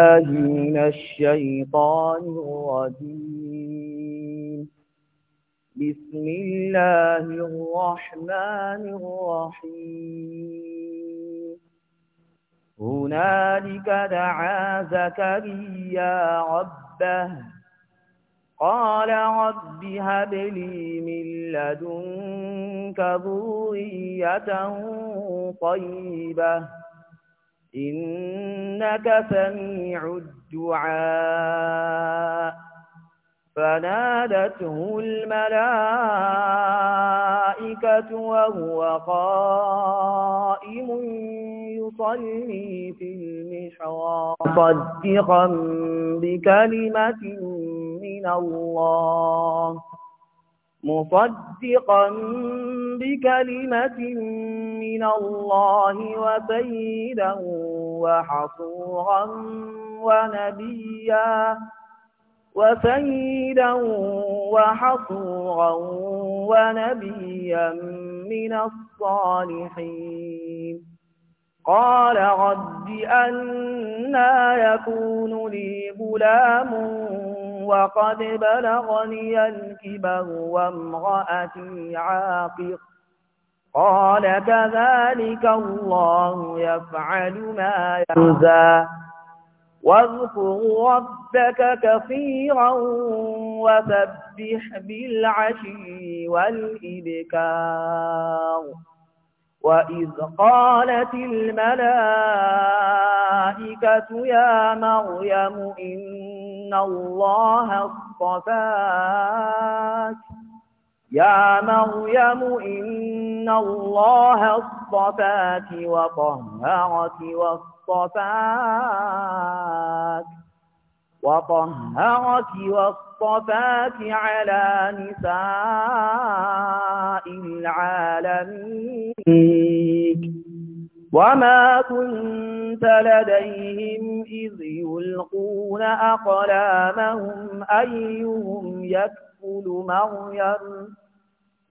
من الشيطان الرجيم بسم الله الرحمن الرحيم هنالك دعا زكريا ربه قال رب هب لي من لدنك ذرية طيبة إنك سميع الدعاء فنادته الملائكة وهو قائم يصلي في المحراب مصدقا بكلمة من الله مصدقا بكلمة من الله وسيدا وحصورا ونبيا وسيدا وحصورا ونبيا من الصالحين قال رب أنا يكون لي غلام وقد بلغني الكبر وامرأتي عاقر قال كذلك الله يفعل ما يرزى واذكر ربك كثيرا وسبح بالعشي والإبكار وَإِذْ قَالَتِ الْمَلَائِكَةُ يَا مَرْيَمُ إِنَّ اللَّهَ اصْطَفَاكِ يا مريم إن الله اصطفاك وطهرك واصطفاك وطهرك واصطفاك الصفات على نساء العالمين وما كنت لديهم إذ يلقون أقلامهم أيهم يكفل مريم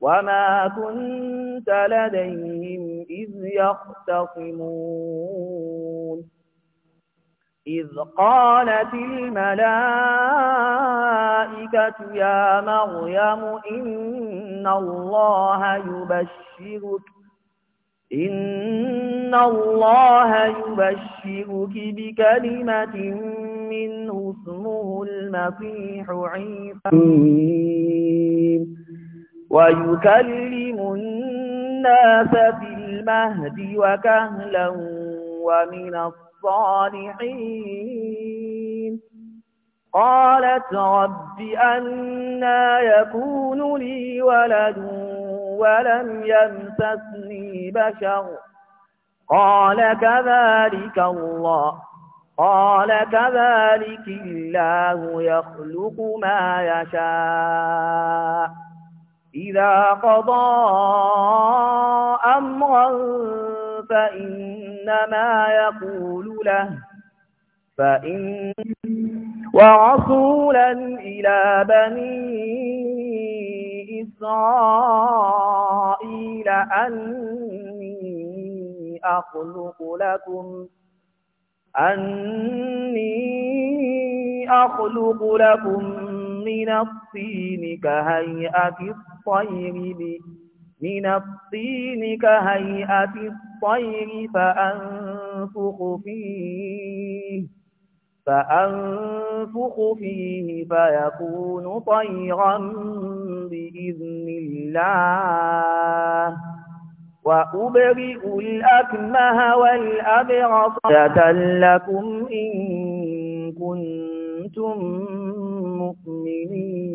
وما كنت لديهم إذ يختصمون إذ قالت الملائكة يا مريم إن الله يبشرك إن الله يبشرك بكلمة منه اسمه المسيح عيسى ويكلم الناس في المهد وكهلا ومن الصلاة الصالحين قالت رب أنا يكون لي ولد ولم يمسسني بشر قال كذلك الله قال كذلك الله يخلق ما يشاء إذا قضى أمرا فإنما يقول له فإن ورسولا إلى بني إسرائيل أني أخلق لكم أني أخلق لكم من الطين كهيئة الطير بإذن من الطين كهيئة الطير فأنفخ فيه فأنفخ فيه فيكون طيرا بإذن الله وأبرئ الأكمه والأبرص لكم إن كنتم مؤمنين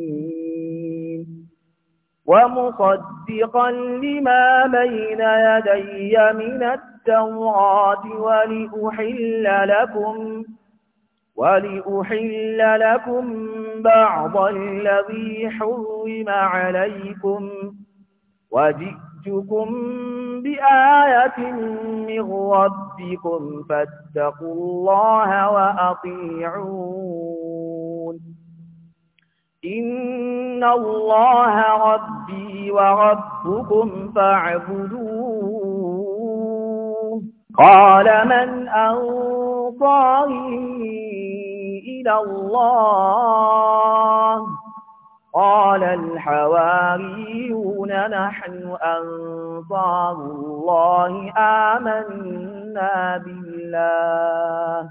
ومصدقا لما بين يدي من التوراة ولأحل لكم ولأحل لكم بعض الذي حرم عليكم وجئتكم بآية من ربكم فاتقوا الله وأطيعون إن الله ربي وربكم فاعبدوه قال من أنصاري إلى الله قال الحواريون نحن أنصار الله آمنا بالله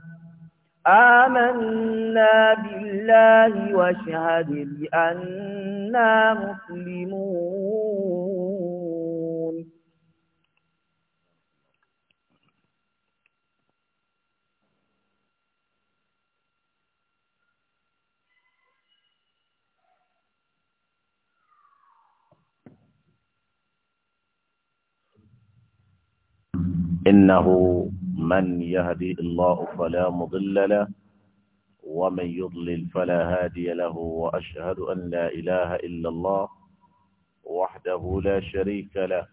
آمنا بالله واشهد بأننا مسلمون إنه من يهدي الله فلا مضل له ومن يضلل فلا هادي له وأشهد أن لا إله إلا الله وحده لا شريك له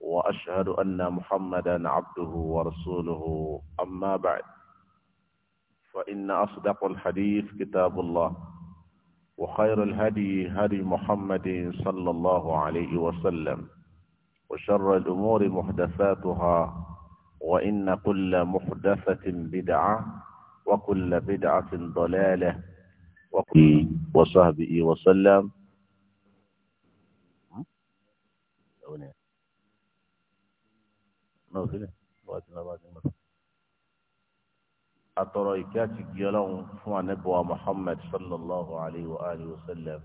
وأشهد أن محمدا عبده ورسوله أما بعد فإن أصدق الحديث كتاب الله وخير الهدي هدي محمد صلى الله عليه وسلم وشر الأمور محدثاتها وإن كل محدثة بدعة وكل بدعة ضلالة وكل وصحبه وسلم atọ̀rọ̀ ìkẹ́ àti gí ọlọ́run fún anẹ́bọ̀wá Muhammad sallallahu alayhi wa alihi wa sallam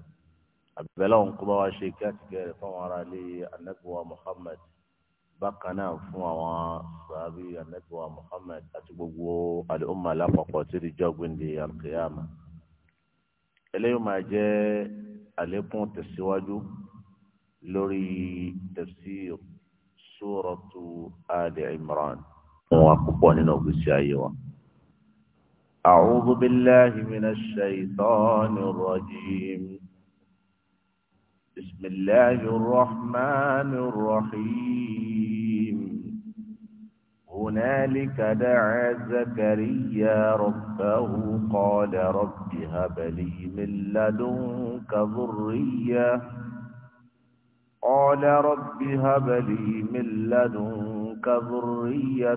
àbẹ̀lẹ̀ òun kó bá wá ṣe ìkẹ́ àti gẹ̀rẹ̀ fáwọn ará ilé anẹ́bọ̀wá Muhammad bákan náà fún àwọn sàbí anẹ́tùwà Muhammad àti gbogbo àdéhùnmá lápapọ̀ tí ìjọ gbìndé alkiyama eléyìí máa jẹ́ àlékún tẹ̀síwájú lórí tafsir suratu ali imran fún wa púpọ̀ nínú ògbésí ayé wa. أعوذ بالله من الشيطان الرجيم بسم الله الرحمن الرحيم هنالك دعا زكريا ربه قال رب هب لي من لدنك ذرية قال رب هب لي من لدنك ذرية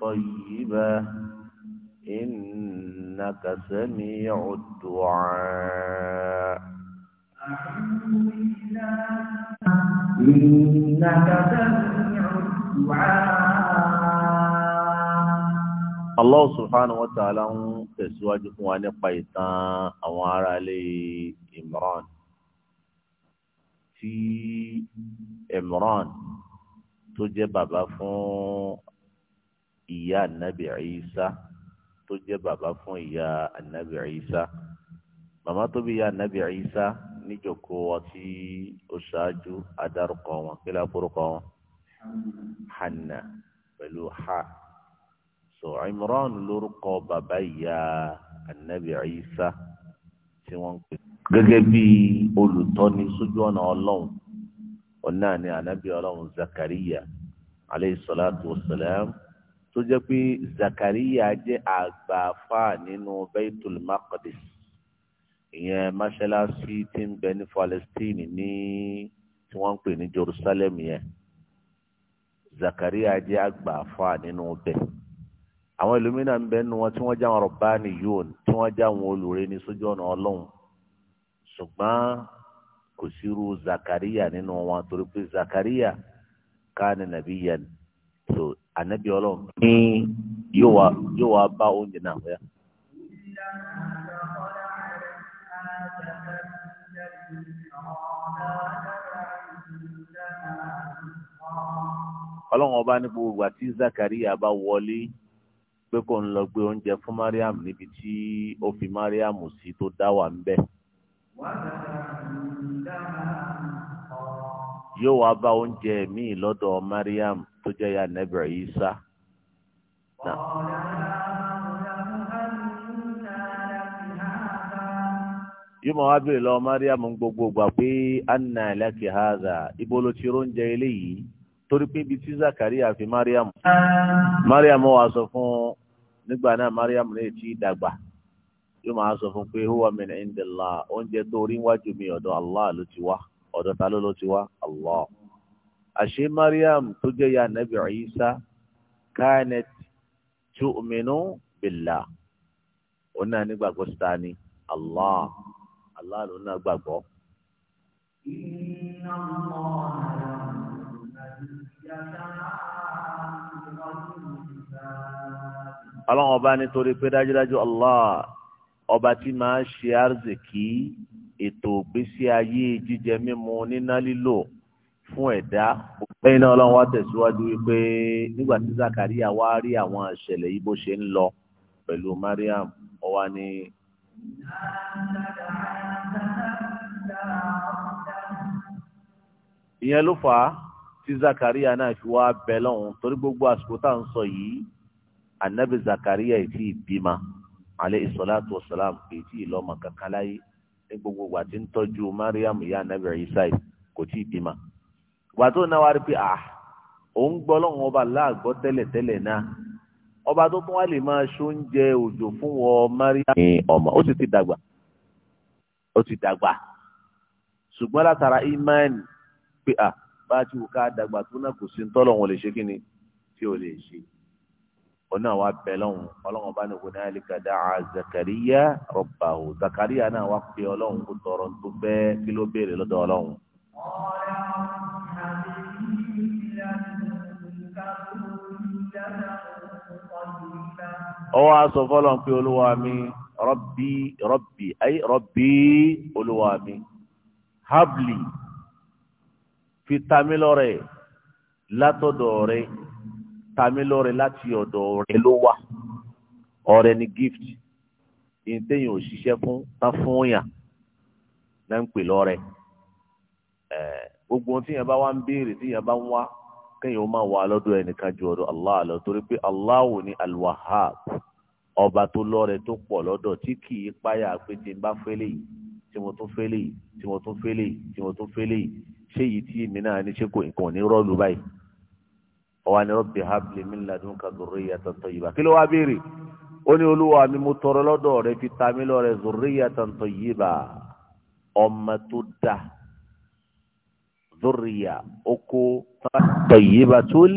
طيبة إنك سميع الدعاء إنك سميع Allah subhanahu wa ta'ala ń tẹ̀síwájú fún wa nípa ìtàn àwọn aráalé Imran tí Imran tó jẹ́ bàbá fún ìyá anabi Isa tó jẹ́ bàbá fún ìyá anabi Isa màmá tó bí ìyá anabi Isa níjòkó ọtí ó ṣáájú adarúkọ wọn kí wọn hanna pẹ̀lú ha so imran lórúkọ bàbá ìyá anabi isa tí wọ́n ń pè gẹ́gẹ́ bí olùtọ́ni sójú ọ̀nà ọlọ́run ọ̀nà ni anabi ọlọ́run zakariya aleyhi salatu wa salam tó jẹ́ pé zakariya jẹ́ àgbàfà nínú baitul maqdis ìyẹn mọ́ṣáláṣí tí ń bẹ ní falestine ní tí wọ́n pè ní jerusalem yẹn. Zakaria jẹ́ agba àfáà nínú bẹ́ẹ̀ àwọn ìlúmínà ń bẹ nu wọn tí wọ́n já wọn rọ̀bánì yóòn tí wọ́n já wọn olùre ní sójú ọ̀nà ọlọ́run ṣùgbọ́n kò sírú Zakaria nínú wọn torí pé Zakaria káàní nàbí yẹn tó ànábì ọlọ́run ní yóò wá bá oúnjẹ náà na- Thank you. ọlọ́run ọba ní gbogbo ìgbà tí Zakaria bá wọlé pé kò ń lọ gbé oúnjẹ fún Mariam níbi tí ó fi Mariam sí tó dá wà ń bẹ̀. yóò wá bá Mariam tó jẹ́ ya nẹ́bẹ̀ Isa. yóò máa wá bèèrè lọ Mariam gbogbo ìgbà pé anna haza ibo ló ti torí pé ibi tí fi Mariam Mariam wà sọ fún nígbà náà Mariam lè ti dàgbà yóò máa sọ fún pé huwa oúnjẹ tó rí mi Allah ló ti wá ta Allah àṣé Mariam tó ya Nabi Isa kanat tu'minu billah òun náà nígbàgbọ́ síta ni Allah Allah ọlọ́run ọba nítorí pé dájúdájú Allah ọba tí máa ṣe àrzìkí ètò ìgbésí ayé jíjẹ mímu níná lílò fún ẹ̀dá. lẹ́yìn náà ọlọ́run wá tẹ̀síwájú wípé nígbà tí Zakaria wá rí àwọn ìṣẹ̀lẹ̀ yìí bó ṣe ń lọ pẹ̀lú Mariam ó wá ìyẹn ló fà á. tí Zakaria náà fi wá bẹ lọ́hùn torí gbogbo àsìkò tá à yìí anabi Zakaria yìí ti alẹ́ ìsọ̀láàtú ọ̀sálàm kìí tí kankan láyé ní gbogbo ìgbà tí Mariam Ya anabi Isa kò tí ì bímọ. ìgbà tó náà wá rí pé ah òun gbọ́ lọ́hùn ọba láàgbọ́ tẹ́lẹ̀tẹ́lẹ̀ náà ọba tó tún wá lè máa òjò Mariam ní ọmọ ó sì ti dàgbà ó ti dàgbà ṣùgbọ́n látara bá a ti wù ká dàgbà tó náà kò sí ń tọ́lọ̀ wọn lè ṣe kí ni tí ò lè ṣe ona wa bẹlẹn Ọlọ́run bá ní ko ní alika dá a zakariya rọbahu zakariya náà wá pé Ọlọ́run kó tọrọ tó bẹ́ẹ̀ kí ló béèrè lọ́dọ̀ Ọlọ́run. ọwọ́ aṣọ fọlọ́n pé olúwa mi rọ́bì rọ́bì ayé rọ́bì habli fi tamilọ́rẹ̀ látọ̀dọ̀ rẹ̀ lati láti ọ̀dọ̀ rẹ̀ ló ni gift ìtẹ̀yìn òṣìṣẹ́ fún tá fún yàn náà ń pè gbogbo tí yẹn bá wá ń béèrè tí yẹn bá ń máa wà lọ́dọ̀ ju ọ̀dọ̀ Allah lọ torí pé Allah alwahab ọba tó lọ́rẹ tó pọ̀ lọ́dọ̀ tí kì í páyà pé tí n bá fẹ́lẹ̀ yìí tí mo tún fẹ́lẹ̀ yìí ṣé èyí tí èmi náà ní ṣé kò nǹkan ò ní rọ́ọ̀lù báyìí ọwọ́ ni rọ́bì habli min ladunka zurriyatan tayyiba kí ló wá béèrè ó ní olúwa mi mo tọrọ lọ́dọ̀ rẹ fi ta mí lọ́rẹ zurriyatan tayyiba ọmọ tó da zurriya oko tayyibatul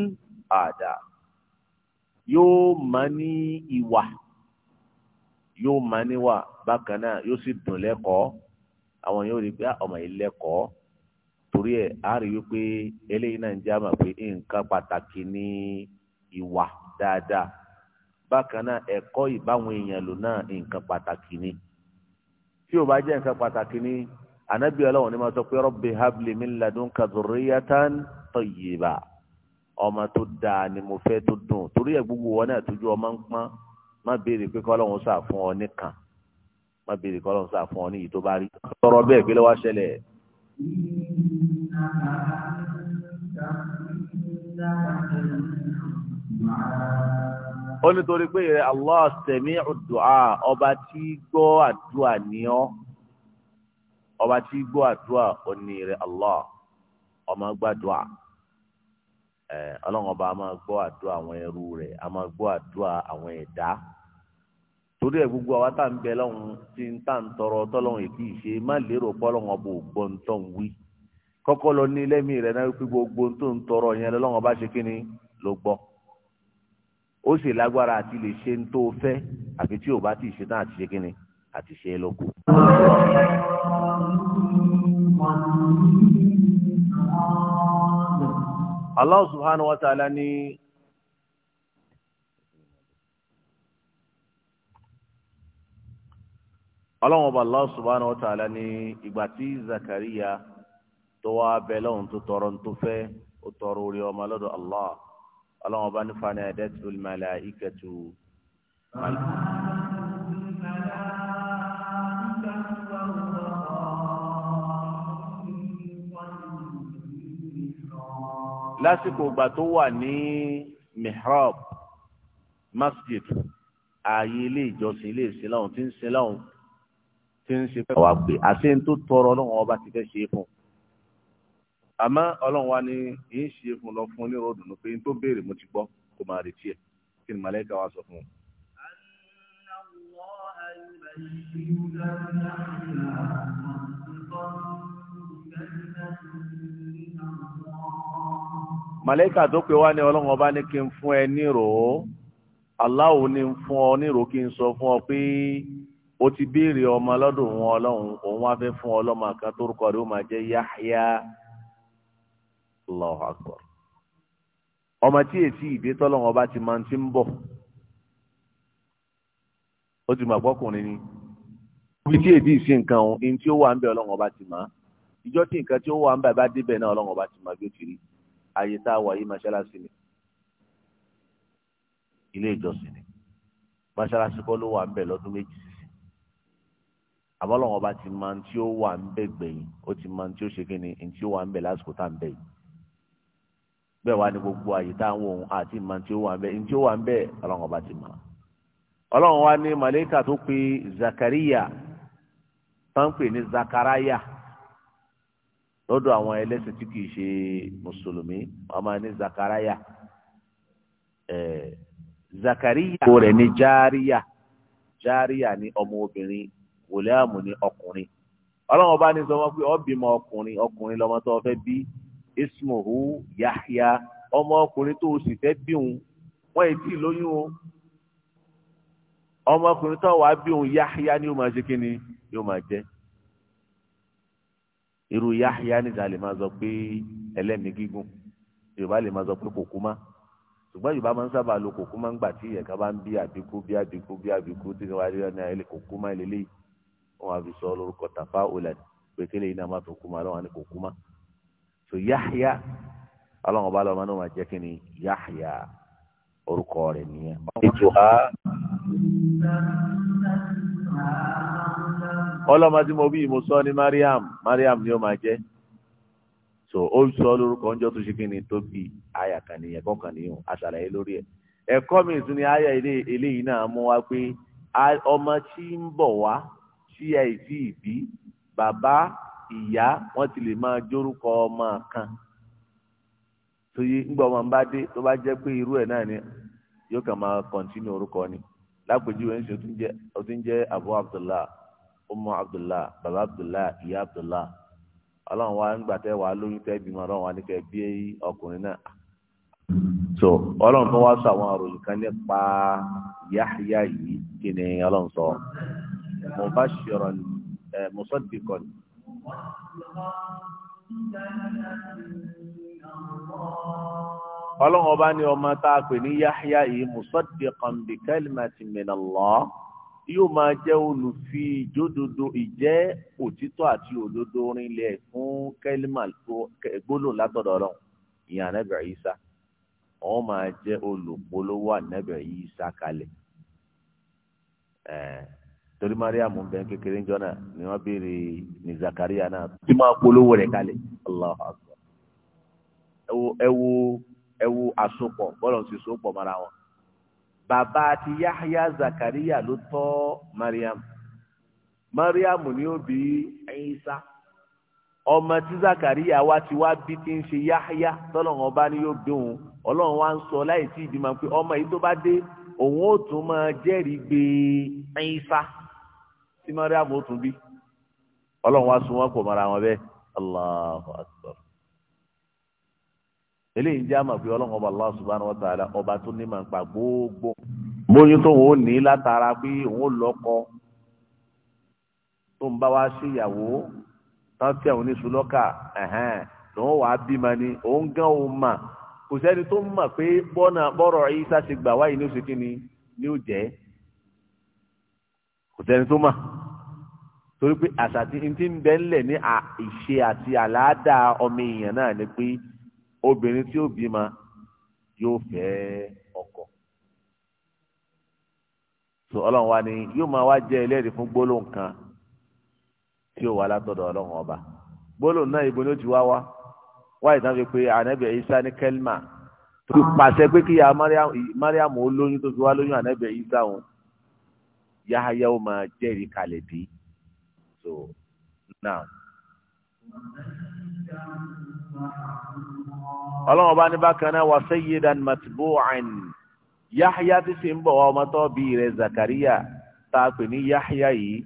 ada yóò máa ní ìwà yóò máa níwà bákan náà yóò sì dùn lẹ́kọ̀ọ́ àwọn yóò rí pé ah, ọmọ yìí lẹ́kọ̀ọ́ torí ẹ̀ á rí wípé eléyìí náà ń já mà pé nǹkan pàtàkì ní ìwà dáadáa bákan náà ẹ̀kọ́ ìbáwọn èèyàn lò náà nǹkan pàtàkì ni tí ò bá jẹ́ nǹkan pàtàkì ni ànábì ọlọ́run ni máa sọ pé rabbi habli min ladunka dhurriyatan tayyiba ọmọ tó dáa ni mo fẹ́ tó dùn torí ẹ̀ gbogbo wọn náà tójú ọmọ ń pọ́n má béèrè pé kọ́lọ́run sà fún ọ nìkan má béèrè kọ́lọ́run sà fún ọ níyì tó bá rí. sọ̀rọ̀ bẹ́ẹ̀ pé lọ́wọ́ ṣẹlẹ̀ ó nítorí pé ìrẹ Allah sami'u du'a ọba tí gbọ́ àdúrà ní ọba tí gbọ́ àdúrà ó ní Allah ọmọ ẹ ọlọ́run a máa gbọ́ àdúrà àwọn ẹrú rẹ a máa gbọ́ àdúrà àwọn ẹ̀dá torí ẹ gbogbo àwa tá à bẹ tí kọ́kọ́ lọ ní lẹ́mìí rẹ̀ náà wípé gbogbo tó ń tọrọ yẹn lọ́wọ́n bá ṣe kíni ló gbọ́ ó sì lágbára àti lè ṣe ń tó fẹ́ àfi tí ò bá ti ṣe náà àti ṣe kíni àti ṣe é lóko. Allah subhanahu wa ta'ala ni subhanahu wa ta'ala ni ìgbà tí Zakariya. tó wá bẹ lọ́hùn tó tọrọ ń tó fẹ́ ó tọrọ orí ọmọ lọ́dọ̀ Allah ọlọ́run ọba nífa ní ẹ̀dẹ́tù màláíkàtù. lásìkò ìgbà tó wà ní mihrab masjid ààyè ilé ìjọsìn ilé ìsìn tí ń sin tí ń ṣe fẹ́ wàá pè àṣẹ ń tó tọrọ lọ́wọ́ ọba ti fẹ́ ṣe é fún un. àmọ́ ọlọ́run wa ni yìí ń ṣe fún lọ fún onírò dùnú pé tó béèrè mo ti gbọ́ kó máa retí ẹ̀ kí ni màlẹ́kà wa sọ fún un. màlẹ́kà tó pé wá ní ọlọ́run ọba ní kí n fún ẹ nírò aláwo ní fún ọ kí n sọ fún ọ pé ti béèrè ọmọ lọ́dọ̀ òun ọlọ́run òun wá fẹ́ fún ọ lọ́mọ kan Allahu Akbar ọmọ tí èsì ìdè tọ́lọ́wọ́n ọba ti máa ń ti ń bọ̀ ó ti mọ̀ àgbọ́kùnrin ni ibi tí èdè ìsìn nǹkan ọ̀hún ẹni tí ó wà ń bẹ ọlọ́wọ́n ọba ti máa ìjọ tí nǹkan tí ó wà ń bẹ bá débẹ̀ náà ọlọ́wọ́n ọba ti máa bí ó ti rí ayé tá a wà yìí mọ́ṣáláṣí ni ilé ìjọsìn ni mọ́ṣáláṣí kọ́ ló wà ń bẹ lọ́dún méjì sísè àmọ́ ọlọ́wọ́n ọba ti máa ń tí ó wà ń bẹ gbẹ̀yìn ó ti máa ń tí ó ṣe kí ni ẹni tí ó wà ń bẹ lásìkò tá à ń bẹ yìí bẹ́ẹ̀ wá ní gbogbo àyè táwọn ohun àti ìmọ̀ tí ó wà bẹ́ẹ̀ ní tí ó wà pe zakariya tó ń zakaraya lọ́dọ̀ àwọn ẹlẹ́sìn tí kìí ṣe mùsùlùmí zakariya kò rẹ̀ ní ní wòlíàmù ní ọkùnrin ọlọ́run ọba ní lọmọ tó fẹ́ bí. ismuhu yahya ọmọ ọkùnrin tó o sì fẹ́ bí òun wọ́n yìí tí lóyún o ọmọkùnrin tó wàá bí òun yahya ni ó máa ṣe kíni yóò máa jẹ́ irú yahya níta lè máa sọ pé ẹlẹ́mìí gígùn yorùbá lè máa sọ pé kò kú má ṣùgbọ́n yorùbá máa ń sábà lo kò kú má ń gbà tí ìyẹ̀ká bá ń bí àbíkú bí àbíkú bí àbíkú tí wọ́n á rí ọ̀nà ẹ̀lẹ́ kò kú wọ́n á fi sọ lórúkọ tàfá òlà pé kéle yìí náà má fi kú lọ́wọ́ á ní kò so yahya ọlọ́run ọba lọ́mọ náà máa jẹ́ kí ni yahya orúkọ rẹ̀ nìyẹn. ìtura ọlọ́mọ tí mo bí mo sọ mariam mariam ni ó máa jẹ́ so ó sọ lórúkọ tó ṣe kí ni tó àyà kan nìyẹn nìyẹn ni àyà eléyìí náà mú wa pé ọmọ tí ń ìyá wọn ti lè máa jórúkọ ọmọ kan torí ńgbà ọmọ bá dé tó bá jẹ́ pé irú ẹ̀ náà ni yóò kàn máa orúkọ ni lápèjúwe ń ó ti ń jẹ́ abu abdullah umu abdullah baba abdullah ìyá abdullah ọlọ́run wa ń gbà wàá lóyún tẹ́ bímọ ọlọ́run wa ní ọkùnrin náà so tó wá ni ọlọ́run ọba ní ọmọ tá a pè ní Yahya yìí musaddiqan bi kalimati min lọ. yóò máa jẹ́ olùfi ìjódodo ìjẹ́ òtítọ́ àti òdodo rinlẹ̀ fún kẹ́límà tó gbólóhùn látọ̀dọ̀ ọlọ́run ìyẹn ànábì wọ́n máa jẹ́ olùpolówó kalẹ̀ torí mariam ń bẹ kékeré ń jọ́nà ni wọ́n béèrè ní zakaria náà tí máa polówó rẹ̀ kalẹ̀ allah akbar ẹ wo ẹ wo ẹ wo àsopọ̀ sì sopọ̀ mara wọn bàbá àti yahya zakaria ló tọ́ mariam mariam ni ó bí isa ọmọ tí zakaria wá ti wá bí ti ń ṣe yahya tọ́lọ́run ọba ni yóò bí òun ọlọ́run wá ń sọ láì tí ì bí ma pé ọmọ yìí tó bá dé òun ó tún máa jẹ́rìí gbé isa tí mariam ó tún bí ọlọ́run wá sun wọn kò mara wọn bẹ́ẹ̀ allahu akbar eléyìí jẹ́ àmọ̀ pé ọlọ́run ọba allah subhanahu wa ta'ala ọba tó ní màá pa gbogbo bóyún tó wọn ní látara pé òun lọ́kọ tó ń bá wa ṣe tán tí àwọn oníṣùlọ́kà lòun wàá bímọ ni òun gan ò mà kò sẹ́ni tó mọ̀ pé bọ́nà bọ́rọ̀ Ìsá wáyé ní oṣù kínní ni ó jẹ́ kò sẹ́ni tó mà torí pé àṣà tí n ti ń bẹ ńlẹ̀ ní ìṣe àti àlàáda ọmọ èèyàn náà ni pé obìnrin tí ó bímọ yóò fẹ́ ọkọ so ọlọ́run wa ni yóò máa wá jẹ́ ẹlẹ́rìí fún gbólóhùn kan tí ó wà látọ̀dọ̀ ọlọ́run ọba gbólóhùn náà ibo ni ó ti wá wá wáyé tán fi pé ànábì Ìsá ní kẹ́límà tó pàṣẹ pé kí mariam ó lóyún tó fi wá lóyún ànábì Ìsá òun yahaya ó máa jẹ́rìí kalẹ̀ bí so now. ọlọ́run ọba ní bákan náà wà sayyidan matbu'an yahaya ti sì ń bọ̀ wá ọmọ tó bí rẹ̀ zakariya tá a pè ní yahaya yìí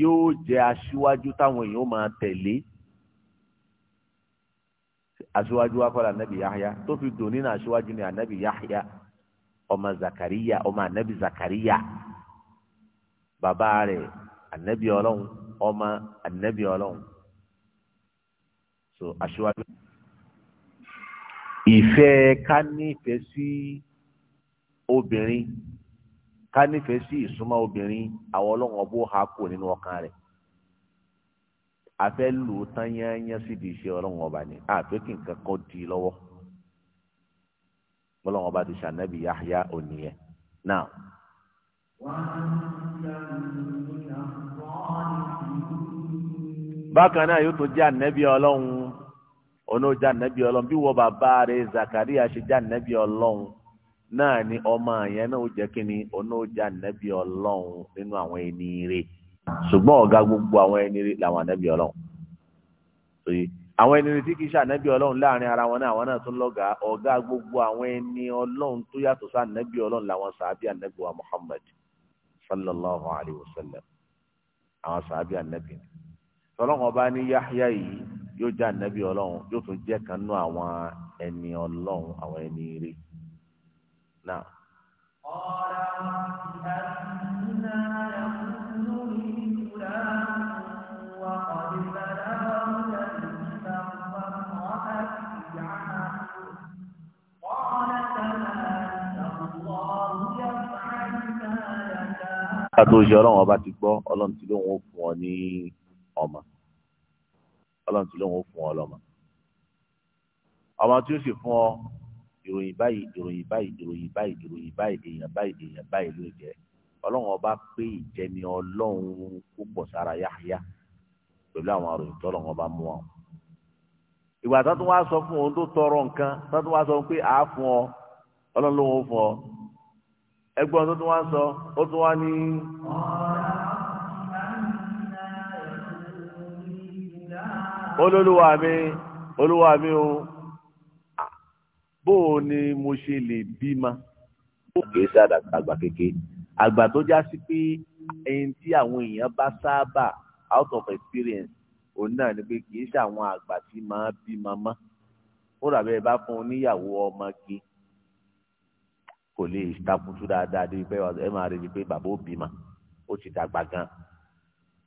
yóò jẹ́ aṣíwájú táwọn èèyàn máa tẹ̀lé aṣíwájú wa kọ́ra anabi yahya tó fi dùn nínú aṣíwájú ni anabi yahya ọmọ zakariya ọmọ anabi zakariya. bàbá rẹ̀ ànábì ọlọ́run ọmọ ànábì ọlọ́run so aṣíwájú. ìfẹ́ ká sí obìnrin ká sí ìsúnmọ́ obìnrin àwọn ọlọ́run ọbọ̀ ha kò nínú ọkàn rẹ̀ afẹ́ lò tán yányá síbi iṣẹ́ ọlọ́run ọba ni àfẹ́ kí nǹkan kan di lọ́wọ́ ọlọ́run ọba ti ṣànábì Yahya ya náà. bákan náà yóò tún jẹ́ ànẹ́bí ọlọ́run ọ̀nà ó jẹ́ ànẹ́bí ọlọ́run bí wọ́n bàbá rẹ̀ Zakaria ṣe jẹ́ ànẹ́bí ọlọ́run náà ni ọmọ yẹn náà ó jẹ́ kínní ọ̀nà ó jẹ́ ànẹ́bí ọlọ́run nínú àwọn ẹni rẹ̀ ṣùgbọ́n ọ̀gá gbogbo àwọn ẹni rẹ̀ làwọn ànẹ́bí ọlọ́run àwọn ẹni tí kì í ṣànẹ́bí ọlọ́run láàrin ara wọn náà àwọn náà tún lọ́gàá ọ̀gá gbogbo àwọn ẹni ọlọ́run tó yàtọ̀ sí ànẹ́bí ọlọ́run làwọn sàábì ànẹ́bí wa Muhammad sallallahu alayhi wa sallam àwọn sàábì ànábì tọ́lọ́wọ́n bá ní Yahya yìí yóò jẹ́ ànábì ọlọ́run yóò tún jẹ́ kan àwọn ẹni ọlọ́run àwọn ẹni ire náà. tó ṣe ọlọ́run ọba ti gbọ́ ọlọ́run ti lóun ó fún ọ ní ọmọ ọlọ́run ti lóun ó fún ọ lọ́mọ ọmọ tí ó sì fún ọ ìròyìn báyìí ìròyìn báyìí ìròyìn báyìí ìròyìn báyìí èèyàn báyìí èèyàn báyìí ló jẹ ọlọ́run ọba pé ìjẹni ọlọ́run púpọ̀ sára yáyá pẹ̀lú àwọn àròyìn tó ọlọ́run ọba mú wọn. ìgbà tó tún wá sọ fún òun tó tọrọ nǹkan tó tún wá sọ pé àá fún ọ ọlọ́run ló ń fún ọ ẹgbọ́n tó tún wá sọ ó tún wá ní. olólùwà mi olúwa mi o bó o ni mo ṣe lè bímọ. òkè sáà àgbà kéke àgbà tó já sí pé ẹni tí àwọn èèyàn bá sábà out of experience òun náà ni pé kì í ṣe àwọn àgbà tí máa bímọ mọ́ ó dàbẹ́ bá fún un níyàwó ọmọge kò lè takutu dáadáa débi pé ẹ máa rí i pé bàbá ó bímọ ó ti dàgbà gan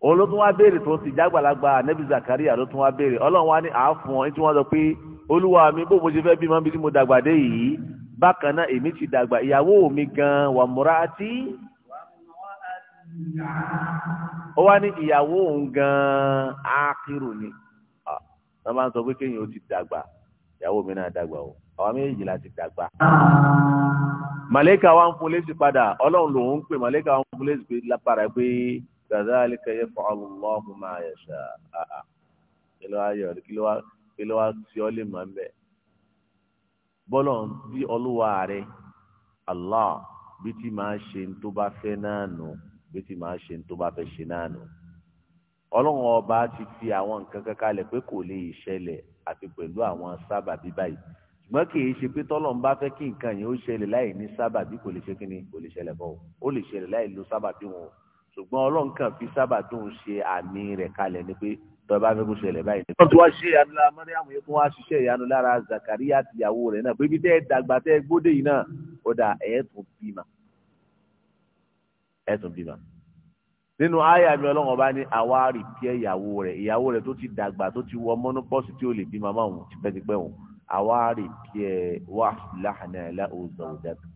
òun ló tún wá béèrè tó ti jágbàlagbà nẹ́bí Zakaria ló tún béèrè ọlọ́run wá ní àáfún ọ tí wọ́n sọ pé olúwa mi bó mo ṣe mo dàgbà dé yìí bákan náà ti dàgbà ìyàwó mi gan wà múra àti ó gan ni máa ń sọ pé ti dàgbà ìyàwó mi náà dàgbà o. àwọn méjèèjì láti dàgbà. màlẹ́kà wa ń fún lẹ́sìn padà ọlọ́run lòun ń pè màlẹ́kà wa ń fún lẹ́sìn pé lápára pé kazalika yaf'alu Allahu ma yasha àà kí ló wá yọ kí ló wá kí ló wá tí ọ lè mọ̀ ń bẹ̀. bọ́lọ̀ bí olúwa rẹ̀ Allah bí ti máa ṣe ń tó bá fẹ́ náà nù bí ti máa ṣe ń tó bá fẹ́ ṣe náà nù. ọlọ́run ọba ti fi àwọn nǹkan kankan lẹ̀ pé kò lè ṣẹlẹ̀ àti pẹ̀lú àwọn sábà bíbáyìí ṣùgbọ́n kì í ṣe pé tọ́lọ̀ ń bá fẹ́ kí nǹkan yẹn ó ṣẹlẹ̀ láì ní sábàbí kò lè ṣe kíni kò lè ṣẹlẹ̀ bọ́ ó lè ṣẹlẹ̀ láì lo sábàbí wọn ṣùgbọ́n ọlọ́run kan fi sábàbí òun ṣe àmì rẹ̀ kalẹ̀ ni pé tọ́ bá fẹ́ kó ṣẹlẹ̀ báyìí. wọ́n ti wá ṣe ìyanu lára mọ́ríàmù yẹn kó wá ṣiṣẹ́ ìyanu lára Zakariya àtìyàwó rẹ̀ náà pé ibi tẹ́ ẹ dàgbà tẹ́ ẹ gbódè yìí náà ó dà ẹ̀ tún bímọ. ẹ̀ tún bímọ. nínú àyà mi ọlọ́run ọba ní àwa rìpíẹ́ ìyàwó rẹ̀ ìyàwó rẹ̀ tó ti dàgbà tó ti wọ mọ́núpọ́sì tí ó lè bímọ àwárí tiẹ̀ wà láhànà ẹ̀lá òòzà òdàbí.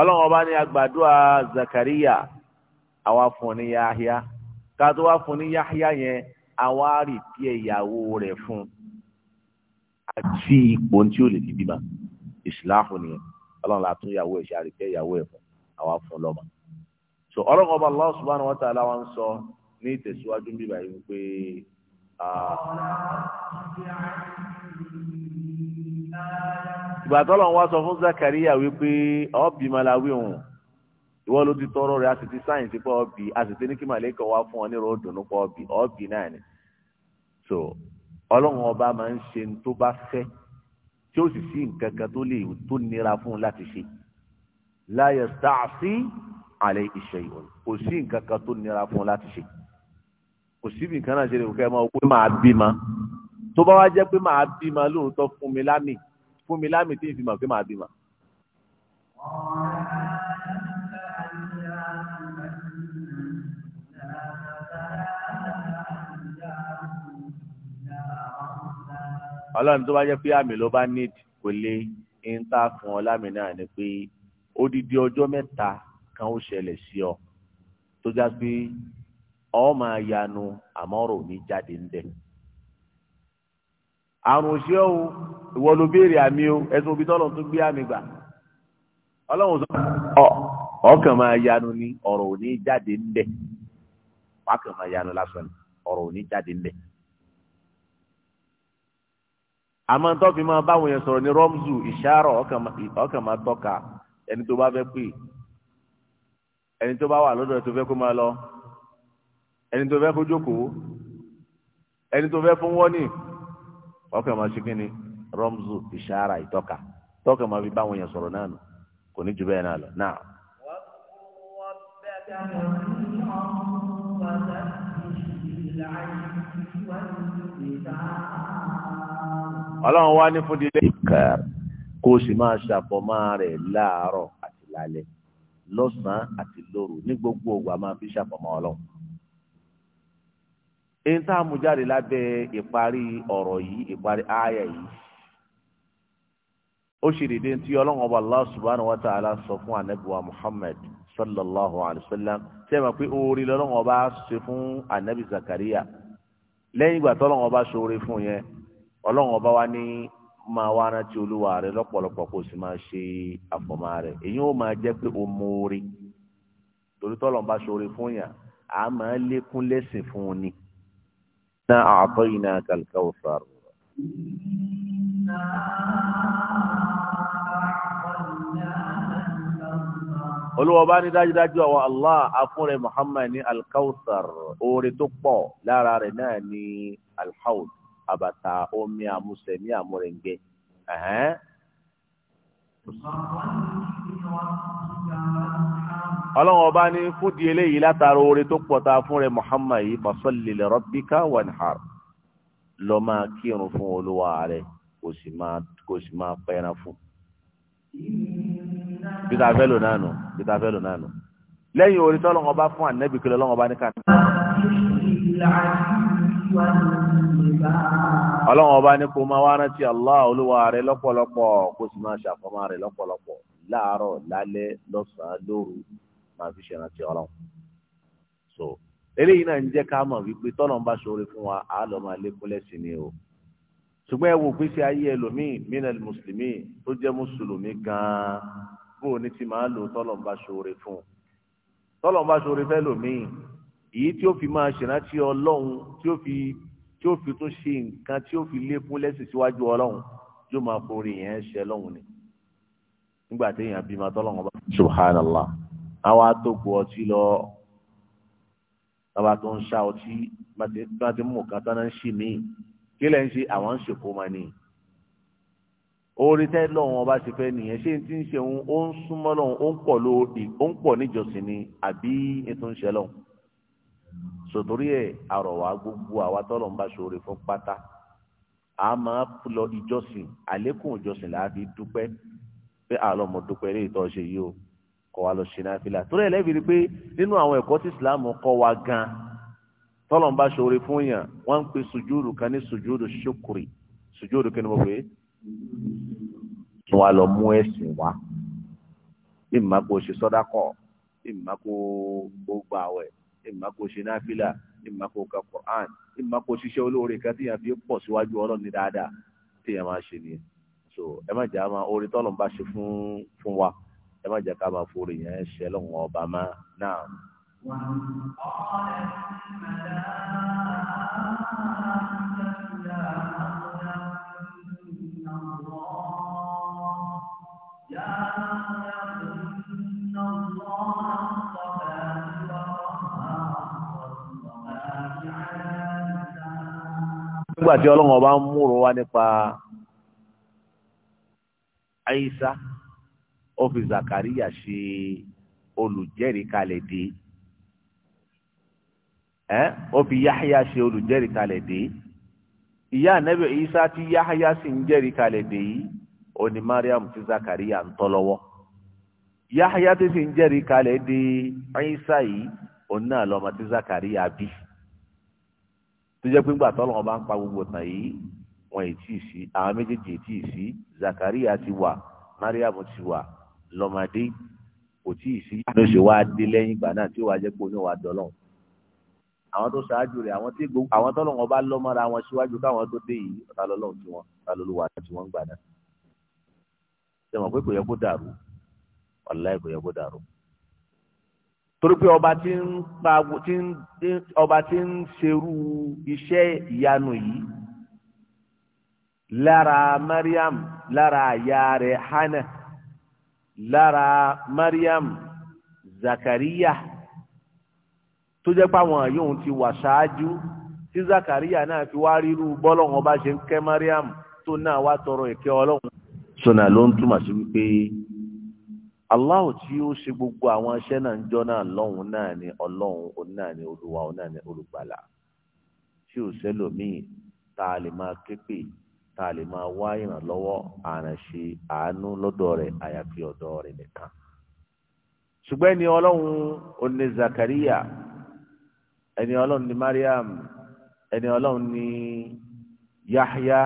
ọlọ́run ọba ní agbàdúrà Zakariya àwa fún ní Yahya ká tó wá fún ní Yahya yẹn àwa rí bí ìyàwó rẹ̀ fún àti ipò tí ó lè fi bímọ ìsìláàfù nìyẹn ọlọ́run la tún ìyàwó ẹ̀ ṣe àríkẹ́ ìyàwó ẹ̀ fún àwa fún lọ́mọ so ọlọ́run ọba Allah subhanahu wa ta'ala wa ń sọ ní ìtẹ̀síwájú ń bíbá yìí pé. ìgbà tọ́lọ̀ wá sọ fún Zakaria wípé ọ̀bì malawi òun ìwọ ló ti tọrọ rẹ a sì ti sáyẹnsì pé ọ̀bì a sì ti ní kí màlẹ́kọ̀ wá fún ọ ní ròdùn nípa ọ̀bì ọ̀bì náà ni so ọlọ́run ọba máa ń ṣe tó bá fẹ́ tí ó sì sí nǹkan kan tó lè tó nira fún un láti ṣe la yasta'si alayhi shay'un kò sí nǹkan kan tó nira fún un láti ṣe kò síbi nǹkan náà ṣe lè kẹ́ ẹ máa pé máa bímọ tó bá wá jẹ́ pé máa bímọ lóòótọ́ fún mi lámì fún mi lámì tí n fi mọ̀ pé máa bímọ. ọlọ́run tó bá jẹ́ pé àmì ló bá nídìí kò lè ń ta fún ọ lámì náà ni pé odidi ọjọ́ mẹ́ta kan ó ṣẹlẹ̀ sí ọ tó já pé ọ máa yanu àmọ́ ọ̀rọ̀ ò ní jáde ń bẹ̀. àrùn òṣìṣẹ́ o ìwọ ló béèrè àmì o ẹ̀sùn òbí tọ́lọ̀ tún gbé àmì gbà ọlọ́run sọ ọ ọkàn máa yanu ni ọ̀rọ̀ ò ní jáde ń bẹ̀ ọkàn máa yanu lásán ni ọ̀rọ̀ ò ní jáde ń bẹ̀ àmọ́ tó fi máa báwọn yẹn sọ̀rọ̀ ní rọ́mùsù ìṣàrọ̀ ọkàn máa tọ́ka ẹni tó bá fẹ́ pè ẹni tó bá wà lọ́dọ̀ tó fẹ́ kó máa lọ ẹni tó fẹ́ kó jókòó ẹni tó fẹ́ fún wọ́nì ọkàn máa ṣe kí ni rọ́mùzù ìṣàrà ìtọ́ka tọ́kàn máa fi bá àwọn èèyàn sọ̀rọ̀ náà nù kò ní jù bẹ́ẹ̀ náà lọ náà. ọlọ́run wá ní fún dídé. kò sì máa ṣàfọ̀mọ́ rẹ̀ láàárọ̀ àti lálẹ́ lọ́sàn-án àti lóru ní gbogbo ògbà máa fi ṣàpamọ́ ọlọ́run. èyí tá a mú jáde lábẹ́ ìparí ọ̀rọ̀ yìí ìparí ààyè yìí ó ṣe dédé tí ọlọ́run ọba Allah subhanahu wa ta'ala sọ fún anabiwa Muhammad sallallahu alayhi wa sallam sẹ́yìn máa pé oore lọ́lọ́run ọba ṣe fún anabi Zakariya lẹ́yìn ìgbà tọ́lọ́run ọba ṣoore fún yẹn ọlọ́run ọba wa ní máa wá rántí olúwa rẹ lọ́pọ̀lọpọ̀ kó o sì máa ṣe àfọ̀mọ́ rẹ èyí ó máa jẹ́ pé o mọ oore torí tọ́lọ̀ ń bá ṣoore fún yàn á máa lékún lẹ́sìn fún un ni. iná àtọ́ yìí náà kàlùkà ò sàrò. olúwa bá ní dájúdájú àwọn allah afúnrẹ muhammad ní alkawthar oore tó pọ̀ lára rẹ̀ náà ní alhawd àbàtà omi àmúṣẹmí àmúrẹ̀ǹgbẹ. ọlọ́run ọba ní fúdi eléyìí látara oore tó pọ̀ta fún rẹ̀ Muhammad yìí fasalli li rabbika wanhar lọ máa kírun fún olúwa rẹ̀ kò sì máa kò sì máa pẹ́ran fún. bíta fẹ́ lò náà nù bíta fẹ́ lò náà nù lẹ́yìn orí tọ́lọ́run ọba fún ànẹ́bìkìlẹ̀ ọlọ́run ọba ní kàtà ọlọ́run ọba ní kó máa wá rántí allah olúwa rẹ lọ́pọ̀lọpọ̀ kó sì máa ṣàfọ́mọ́ rẹ lọ́pọ̀lọpọ̀ láàárọ̀ lálẹ́ lọ́sàn-án lóru máa fi ṣèrántí ọlọ́run so eléyìí náà ń jẹ́ ká mọ̀ wípé tọ́nà ń bá ṣoore fún wa àá lọ́ máa lékún lẹ́sìn ni o ṣùgbọ́n ẹ wo gbèsè ayé ẹlòmíì minal mùsùlùmí tó jẹ́ mùsùlùmí gan-an bó o ní ti máa lò tọ́lọ̀ ń bá ṣoore fún èyí tí ó fi máa ṣèrántí ọlọ́run tí ó fi tí ó fi tún ṣe nǹkan tí ó fi lékún lẹ́sìn síwájú ọlọ́run tí ó máa forí yẹn ṣe lọ́hùn ni nígbà téèyàn bímọ tọ́lọ́run bá. subhanallah àwa tó kù ọtí lọ bàbá tó ń ṣá ọtí bá ti mú nǹkan tán náà ń ṣì míì kí lẹ́ ń ṣe àwọn ń ṣèkó máa ní. orí tẹ́ lọ́hùn ọba ti fẹ́ nìyẹn ṣé ti ń ṣe òun ó ń súnmọ́ lọ́hùn ó ń pọ̀ níjọsìn ni àbí ètò ń sòtórí ẹ̀ àrọ̀wá gbogbo àwa tọ́lọ̀ ń bá ṣoore fún pátá a máa lọ ìjọsìn àlékún ìjọsìn là á fi dúpẹ́ pé àlọ́ mo dúpẹ́ ní ìtọ́ ṣe yìí o kọ́ wa lọ ṣe náà fìlà torí ẹ̀ lẹ́bi rí pé nínú àwọn ẹ̀kọ́ tí ìsìláàmù wa gan tọ́lọ̀ ń bá ṣoore fún yàn pe sùjúdù kan ní sùjúdù ṣukuri sùjúdù kí ni mo pè é tún wa lọ wa ìmọ̀ kò ṣe sọ́dá kọ́ ìmọ̀ kò gbogbo àwẹ̀ ìmọ̀ kò ṣe náfìlà ìmọ̀ kò ka Qur'an ìmọ̀ kò ṣiṣẹ́ olóore kan tíyàn fi pọ̀ síwájú ọlọ́run ní dáadáa tíyàn máa ṣe nìyẹn so ẹ má jẹ́ àmọ́ orí tọ́lọ̀ ń bá ṣe fún fún wa ẹ má jẹ́ ká máa forí yẹn ṣe lọ́wọ́ ọba má náà. Yeah. nígbà ọlọ́run ọba ń múrò wá nípa Aisha ó fi Zakariya ṣe olùjẹ́rìí kalẹ̀ dé ẹ́ ó fi Isa tí Yahya sì ń jẹ́rìí kalẹ̀ dé yìí ó ní Mariam ti Zakariya ń tọ́ lọ́wọ́ Yahya tí sì ń jẹ́rìí kalẹ̀ dé Isa yìí òun náà ti Zakariya bí. tó jẹ́ pé ńgbà tọ́lọ́wọ́n bá ń pa gbogbo tàn yìí wọn ì tíì sí àwọn méjèèjì ì tíì sí Zakaria ti wà Mariam ti wà lọ́mọdé kò tíì sí ló ṣe wá dé lẹ́yìn ìgbà náà tí ó wàá jẹ́ pé oníwà dọ́lọ́ àwọn tó ṣáájú rẹ̀ àwọn tí gbogbo àwọn tọ́lọ́wọ́n bá lọ́ mọ́ra wọn síwájú káwọn tó dé yìí ọ̀tá lọ́lọ́run tí wọ́n ọ̀tá lọ́lọ́wà tí wọ́n gbà náà ṣe mọ̀ pé kò yẹ kó dàrú wàláì kò yẹ kó dàrú torí pé ọba tí ń pa tí ń ọba tí ń ṣerú iṣẹ́ ìyanu yìí lára Mariam lára aya rẹ̀ Hana lára Mariam Zakariya tó jẹ́ pé àwọn yòówù ti wà ṣáájú tí Zakariya náà fi wá rírú bọ́lọ́hún ọba ṣe ń kẹ́ Mariam tó náà wá tọrọ ìkẹ́ ọlọ́hún. sọ̀nà ló ń túmọ̀ sí wípé. Allah tí ó ṣe gbogbo àwọn iṣẹ́ náà ń jọ́ náà lọ́hùn náà ni ọlọ́hun òun náà ni olúwa òun náà ni olùgbàlà tí ò sẹ́lòmíì tá a lè máa képe tá a lè máa wá ìrànlọ́wọ́ àránṣe àánú lọ́dọ̀ rẹ̀ àyàfi ọ̀dọ̀ rẹ̀ nìkan. ṣùgbọ́n ẹni ọlọ́hun oní Zakariya ẹni ọlọ́hun ni Mariam ẹni ọlọ́hun ni Yahya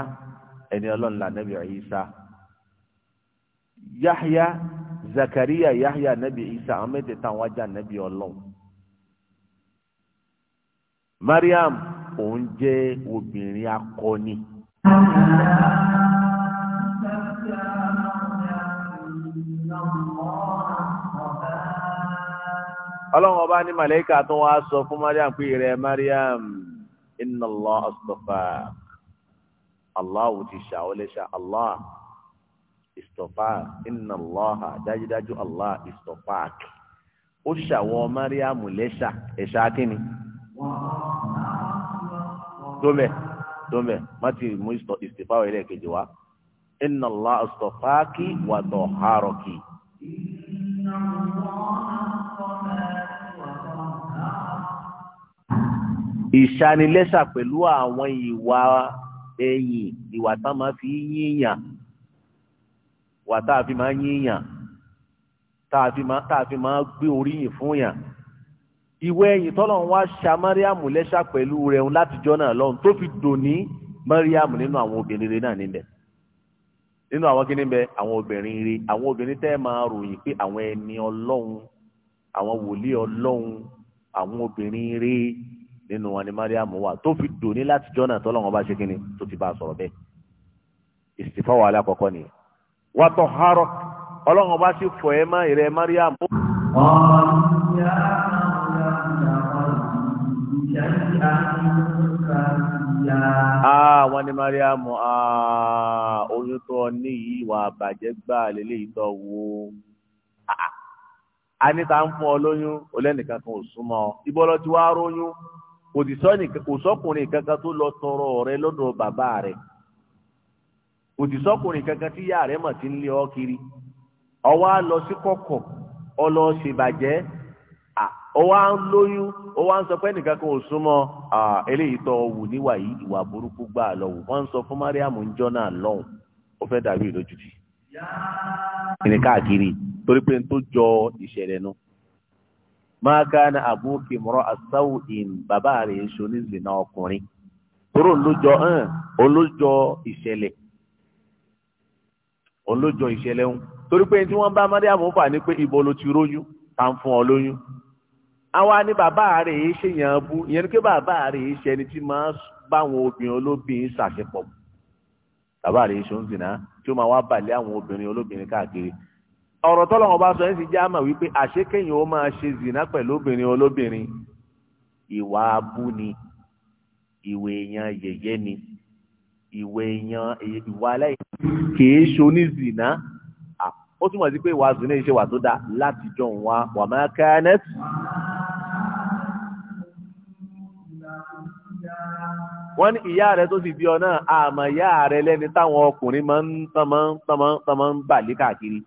ẹni ọlọ́hun lànàbì Isa Yahya. zakariya yahya nabi isa àwọn mẹ́tẹ̀ẹ̀ta àwọn nabi ọlọ́run mariam òun jẹ́ obìnrin akọni. ọlọ́run ọba ní màlẹ́kà tó wá sọ fún mariam pé rẹ̀ mariam inna allah astafa allah ti ṣàwọlé allah. istofak inna allaha dájúdájú allah istofak O ṣàwọn mariamu lẹ́ṣà ẹ̀ṣà kínní tómẹ̀ tómẹ̀ má ti mú istifawo ẹlẹ́ẹ̀kejì wá inna allah istofaki wa àwọn ìwà ìwà tá fi yíyàn wà tá a fi máa yíyàn tá a fi máa tá a fi máa gbé oríyìn fún yàn ìwé ẹ̀yìn tọ́lọ̀ ń wá ṣa mariam lẹ́ṣà pẹ̀lú rẹ̀ ń látijọ́ náà lọ́hùn tó fi dòní mariam nínú àwọn obìnrin rẹ̀ náà níbẹ̀ nínú àwọn kíní bẹ àwọn obìnrin rẹ̀ àwọn obìnrin tẹ́ máa ròyìn pé àwọn ẹni ọlọ́hun àwọn wòlíì ọlọ́hun àwọn obìnrin rẹ̀ nínú wọn ni mariam wà tó fi dòní látijọ́ náà tọ́lọ̀ wọn bá ṣe kíni tó ti bá a sọ̀rọ̀ bẹ́ẹ̀ ìsìfọ́wọ́ alákọ̀ọ́kọ́ nìyẹn wa tahharak ọlọ́run ọba sì fọ̀ ẹ́ má ìrẹ́ Mariam. àwọn ni Mariam oyún tó ní yìí wà bàjẹ́ gbà lélẹ́yìí tó wò ó a ní ta ń fún ọ lóyún olẹ́nìkan kan ò súnmọ́ ibo lọ ti róyún kò sọ́kùnrin kankan tó lọ tọrọ rẹ lọ́dọ̀ bàbá rẹ̀. òtìsọkùnrin kankan tí yá rẹ mọ̀ ti ń lé ọ kiri ọwọ́ á lọ sí kọ̀kọ̀ ọlọ ṣèbàjẹ́ ọwọ́ á ń lóyún ọwọ́ á ń sọ pé nìkan kan ò súnmọ́ eléyìí tó wù níwà yìí ìwà burúkú gbà lọ wù wọ́n ń sọ fún mariam ń jọ́ náà lọ́hùn ó fẹ́ dàbí ìlójútì ní káàkiri torí pé n tó jọ ìṣẹ̀lẹ̀ nu máa ká ní àbúkì mọ́rọ́ àsáwù ìn bàbá rẹ̀ ń ṣoníṣìnà ọkùnrin ló jọ ìṣẹ̀lẹ̀ òun ló jọ ìṣẹ̀lẹ̀ òun torí pé tí wọ́n bá mariam fà ní pé ibo ló ti róyún tá ń fún ọ lóyún àwa ni bàbá rẹ̀ yìí ṣèyàn bú ìyẹn ni pé bàbá rẹ̀ yìí ṣe ẹni tí máa báwọn obìnrin olóbìnrin ṣàṣepọ̀ bàbá rẹ̀ yìí ṣe ń zìnà tí ó máa wá bàlẹ́ àwọn obìnrin olóbìnrin káàkiri ọ̀rọ̀ tọ́lọ́wọ́n bá sọ ẹ́ sì já mà wípé àṣekéyìn ó máa ṣe zìnà pẹ̀lú obìnrin olóbìnrin ìwà abú ni ìwé èèyàn yẹ̀yẹ́ ni ìwé èèyàn ìwà aláìní kìí ṣonízìnà ó túmọ̀ sí pé wàá zùn ní iṣẹ́ wà tó dáa láti jọ wá wà máa kánẹ́t. wọ́n ní ìyá rẹ̀ tó sì bí ọ náà àmọ́ ìyá rẹ̀ lẹ́ni táwọn ọkùnrin máa ń tánmọ́ tánmọ́ tánmọ́ ń bà káàkiri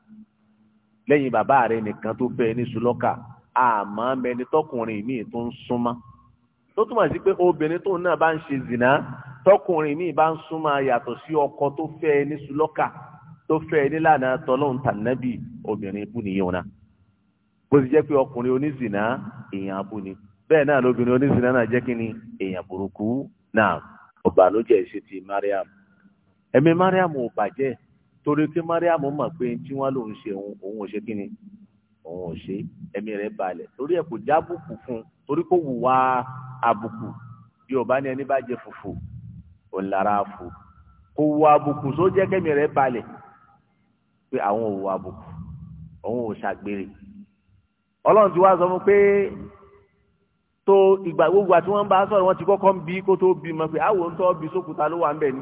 lẹ́yìn bàbá rẹ̀ nìkan tó fẹ́ ní sùlọ́kà àmọ́ mẹni tọkùnrin míì tó ń súnmọ́ tó túmọ̀ sí pé obìnrin tóun náà bá ń ṣe zìnà tọkùnrin míì bá ń súnmọ́ yàtọ̀ sí ọkọ tó fẹ́ ẹ ní sulọ́kà tó fẹ́ ẹ nílànà tọ́lọ́hún tànàbì obìnrin ibú nìyẹn náà bó ti jẹ́ pé ọkùnrin onízìnà èèyàn abú ni bẹ́ẹ̀ náà lóbìnrin onízìnà náà jẹ́ kí ni èèyàn burúkú náà ọ̀bàlójẹ́ ìṣe ti Mariam ẹ̀mí Mariam ò bàjẹ́ torí pé Mariam mọ̀ pé tí wọ́n lòun ṣe òun ò ṣe kí ni òun ò ṣe ẹ̀mí rẹ̀ balẹ̀ torí ẹ̀ kò já àbùkù fún torí kò wù wá àbùkù bí ọba ní ẹni bá jẹ fùfù ọ̀lára fò kò wo àbùkù só jẹ́ kẹ́mi rẹ̀ balẹ̀ pé àwọn ò wo àbùkù òun ò ṣàgbèrè ọlọ́run ti wá sọ fún pé tó ìgbà gbogbo àti wọ́n bá sọ̀rọ̀ wọ́n ti kọ́kọ́ ń bí kó tó bí mọ́ pé àwọn ń bí sókùtà ló wà ń bẹ̀ ni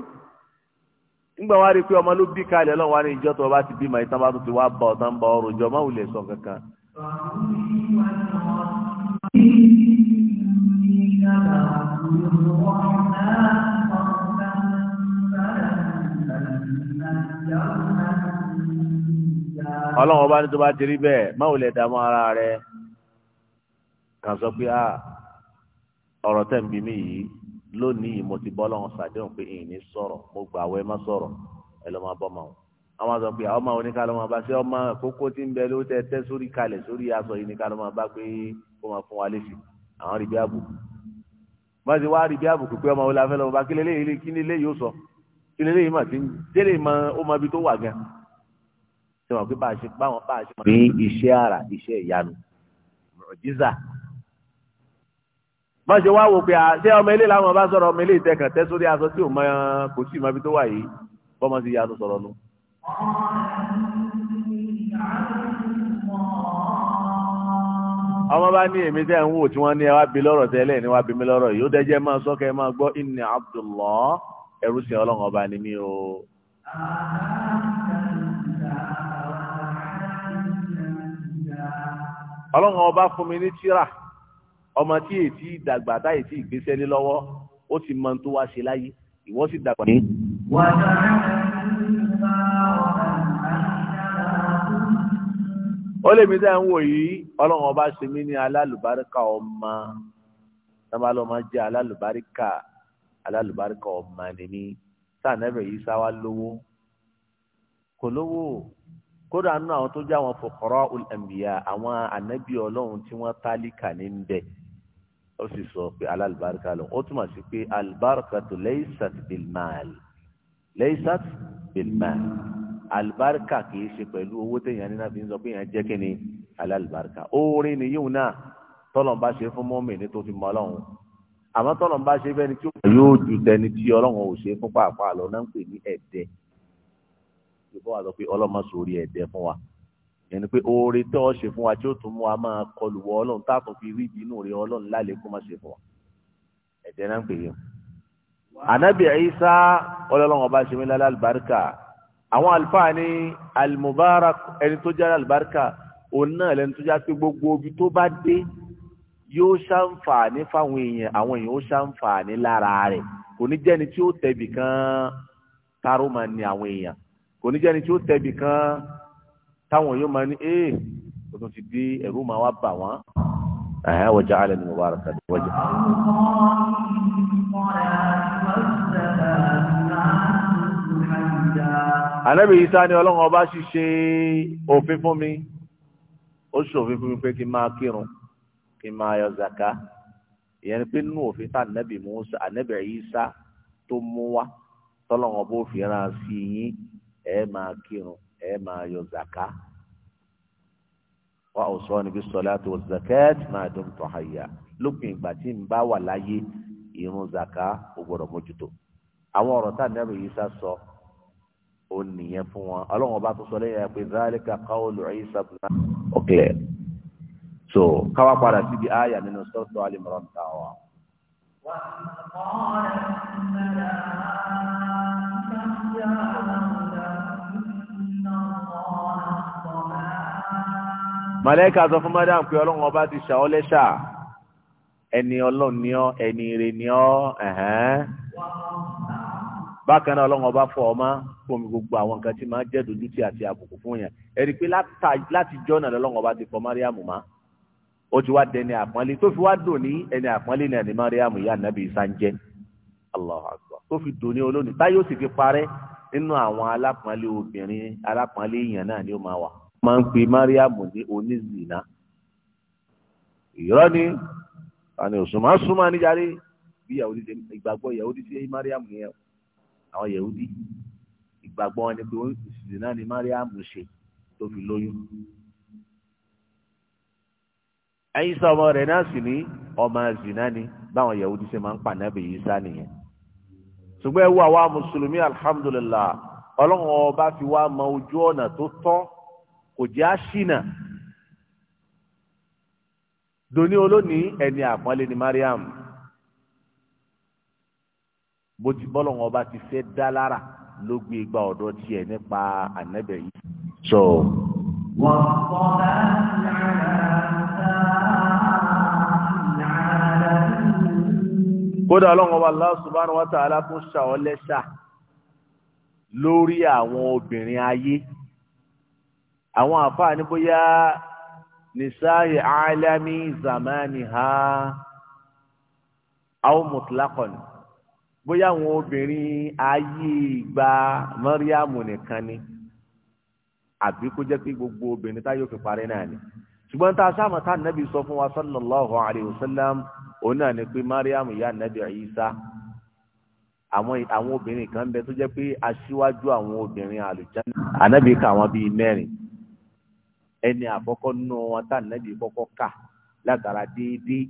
ńgbà wá rí i pé ọmọ ló bí kalẹ̀ lọ́wọ́ wá ní ìjọ tó o bá ti bímọ ìtàn bá tó ti wá bá ọ̀tàn bá ọrùn jọ má wulẹ̀ sọ kankan. Thank you ọlọ́run ọba ní tó bá ti rí bẹ́ẹ̀ má ò lè dààmú ara rẹ kàn sọ pé a ah, ọ̀rọ̀ tẹ̀ ń bí mi yìí lónìí mo ti bọ́ ọlọ́run ṣàdéhùn pé èyí ní sọ̀rọ̀ mo gbà wẹ́ má sọ̀rọ̀ ẹ lọ́ máa bọ́ ọmọ wọn àwọn àzọ pé àwọn ọmọ wọn ní máa bá ṣe ọmọ kókó tí ń bẹ ló tẹ tẹ sórí kalẹ̀ sórí aṣọ yìí ní máa bá pé kó máa fún wa léṣe àwọn rí àbùkù má ti wá rí àbùkù pé ọmọ wọn la fẹ́ lọ́mọ bá kí ilé lẹ́yìn mà ti ń délé mọ ó mọ ibi tó wà gan ṣe wọn pé bá a ṣe báwọn bá a ṣe mọ ní iṣẹ́ àrà iṣẹ́ ìyanu mọ̀jísà má ṣe wá wò pé à ṣé ọmọ ilé làwọn bá sọ̀rọ̀ ọmọ ilé ìtẹ̀kàn tẹ́ sórí aṣọ tí ò mọ kò sí ìmọ̀ ibi tó wà yìí bọ́mọ sí ìyanu sọ̀rọ̀ nu. ọmọ bá ní èmi tẹ́ ń wò tí wọ́n ní ẹ wá bi lọ́rọ̀ tẹ́lẹ̀ ní wá bi mi lọ́rọ̀ yìí ó dẹ́jẹ́ máa sọ́kẹ́ máa gbọ́ ìnì Abdullah ẹrú sí ọlọ́run ọba ni mí o. ọlọ́run ọba fún mi ní tíra ọmọ tí ètí ìdàgbà táyì tí ìgbésẹ̀ lé lọ́wọ́ ó ti mọ tó wá ṣe láyé ìwọ sì dàgbà ó lè mi dá ń wò yìí ọlọ́run ọba ṣe mí ní alálùbáríkà ọmọ tábàlọ́ máa jẹ́ alálùbáríkà alálùbáríkà ọmọ ni mí sànẹ́bẹ̀ yìí sáwá lówó kò lówó kódà nínú àwọn tó jẹ́ àwọn fòkòrò olùdàmbìyà àwọn ànábì ọlọ́run tí wọ́n tálíkà ní bẹ̀ ó sì sọ pé alálùbáríkà lọ ó túmọ̀ sí pé alùbáríkà tó laysat bilmal laysat bilmal alùbáríkà kì í ṣe pẹ̀lú owó téèyàn nínú àfi ń sọ pé èèyàn jẹ́ kí ni alálùbáríkà oore ni yóò náà tọ́lọ̀ àmọ́ tọ́lọ̀ ń bá ṣe fẹ́ni tí yóò ju tẹni tí ọlọ́run ò ṣe fún pàápàá lọ náà ń pè ní ẹ̀dẹ́ ìbọn wà lọ pé ọlọ́mọ sórí ẹ̀dẹ́ fún wa yẹn ni pé oore tó ọ ṣe fún wa tí ó tún mú wa máa kọlù wọ ọlọ́run tá a tún fi rí ìbínú rẹ ọlọ́run lálẹ́ kó má ṣe fún wa ẹ̀dẹ́ náà ń pè yẹn. ànábì Ìsá ọlọ́run ọba ṣe mí lálẹ́ àlùbáríkà àwọn àlùfáà ní alimubarak ẹni tó jẹ́ àlùbáríkà òun náà lẹni tó já pé gbogbo ibi tó bá dé yóò ṣàǹfààní fáwọn èèyàn àwọn èèyàn ó ṣàǹfààní lára rẹ̀ kò ní jẹ́ni tí ó tẹ̀bì kan táró máa ní àwọn èèyàn kò ní jẹ́ni tí ó tẹ̀bì kan táwọn yóò máa ní ee o tún ti di ẹ̀rú máa wá bà wọ́n ẹ̀hẹ́ wọ́jà alẹ́ ni mo bá ara sàdé wọ́jà. ànábì Ìsá ni ọlọ́run ọba ṣiṣẹ́ òfin fún mi ó ṣòfin fún mi pé kí n máa kírun kí n máa yọ zaka ìyẹn pé nínú òfin tá ànábì Mùsá ànábì Ìsá tó mú wá tọ́lọ́wọ́n bó fi rán sí yín ẹ máa kírun ẹ máa yọ zaka wa awsani bis salati waz zakat ma dumtu hayya lópin ìgbà tí n bá wà láyé ìrun zaka ò gbọdọ̀ mójútó àwọn ọ̀rọ̀ tá ànábì Ìsá sọ ó nìyẹn fún wọn ọlọ́wọ́n bá tó sọ lẹ́yìn ẹ pé zalika qawlu Ìsá ibn ọ̀kẹ́lẹ̀ so káwá padà síbi àyà nínú sọ́ọ̀tù alimọ̀ràn ta wa. màlẹ́kà sọ fún madam pé ọlọ́run ọba ti ṣà ọ́ lẹ́ṣà ẹni ọlọ́run ni ọ́ ẹni ire ni ọ́ bákan náà ọlọ́run ọba fọ ọmọ fún mi gbogbo àwọn nǹkan tí máa jẹ́ dójútì àti àbùkù fún yẹn ẹ̀rí pé láti jọ́nà lọ́lọ́run ọba ti fọ Mariam máa. ó ti wá dẹni àpọ́nlé tó fi wá dòní ẹni àpọ́nlé ní ẹni Mariam ìyá nàbí ìsànjẹ́ Allahu tó fi dòní olónìí táyé ó sì fi parẹ́ nínú àwọn alápọ́nlé obìnrin alápọ́nlé èèyàn náà ni ó máa wà. máa ń pe Mariam ní onízìnnà ìrọ́ ni àni òṣùmá súnmọ́ níjàre bí yahudi ṣe ìgbàgbọ́ yahudi ṣe Mariam yẹn àwọn yahudi ìgbàgbọ́ wọn ni pé onízìnnà ni Mariam ṣe tó fi ẹ̀yin sọ ọmọ rẹ̀ náà sì ní ọmọ zina ni báwọn yahudi ṣe máa ń pa nábì Ìsá nìyẹn ṣùgbọ́n ẹ wo àwa mùsùlùmí alhamdulillah ọlọ́run ọba fi wá mọ ojú ọ̀nà tó tọ́ kò jẹ́ àṣìnà doni olónìí ẹni àpọ́nlé ni Mariam bó ti bọ́lọ́run ọba ti fẹ́ dá lára ló gbé igba ọ̀dọ́ tiẹ̀ nípa ànábẹ̀ yìí. so. wọ́n kọ́ bá ń rà. kódà ọlọ́run wa Allah subhanahu wa ta'ala lórí àwọn obìnrin ayé àwọn àfáà ní bóyá nisa'i alami zamaniha aw mutlaqan bóyá àwọn obìnrin ayé gba mọ́ríàmù nìkan ni àbí kó jẹ́ pé gbogbo obìnrin táyọ̀ fi parí náà ni ṣùgbọ́n tá a sáà mọ̀ tá a nàbì sọ fún wa sallallahu alayhi wa sallam. òun náà ni pé mariam ya anabi Isa àwọn àwọn obìnrin kan bẹ tó jẹ́ pé aṣíwájú àwọn obìnrin àlùjáde anabi ka wọn bíi merin. ẹni àkọ́kọ́ nínú wọn tá anabi kọ́kọ́ kà látara déédéé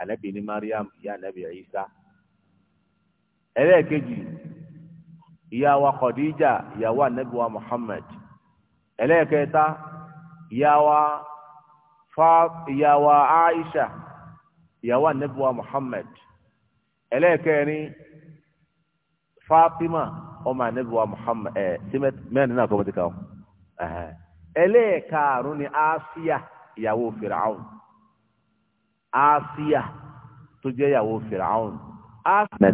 anabi ni mariam ya anabi Isa ẹlẹ́ẹ̀kejì ìyá wa Khadija ìyàwó anabi wa Muhammad ẹlẹ́ẹ̀kẹta ìyá wa fa wa Aisha. ìyàwó anabiwa muhammad fatima ọmọ anabiwa muhammad ẹ mẹ́rin náà kọ́mọ́tì kan ẹlẹ́ẹ̀karùn ni asiya ìyàwó firaun asiya tó jẹ́ ìyàwó firaun asiya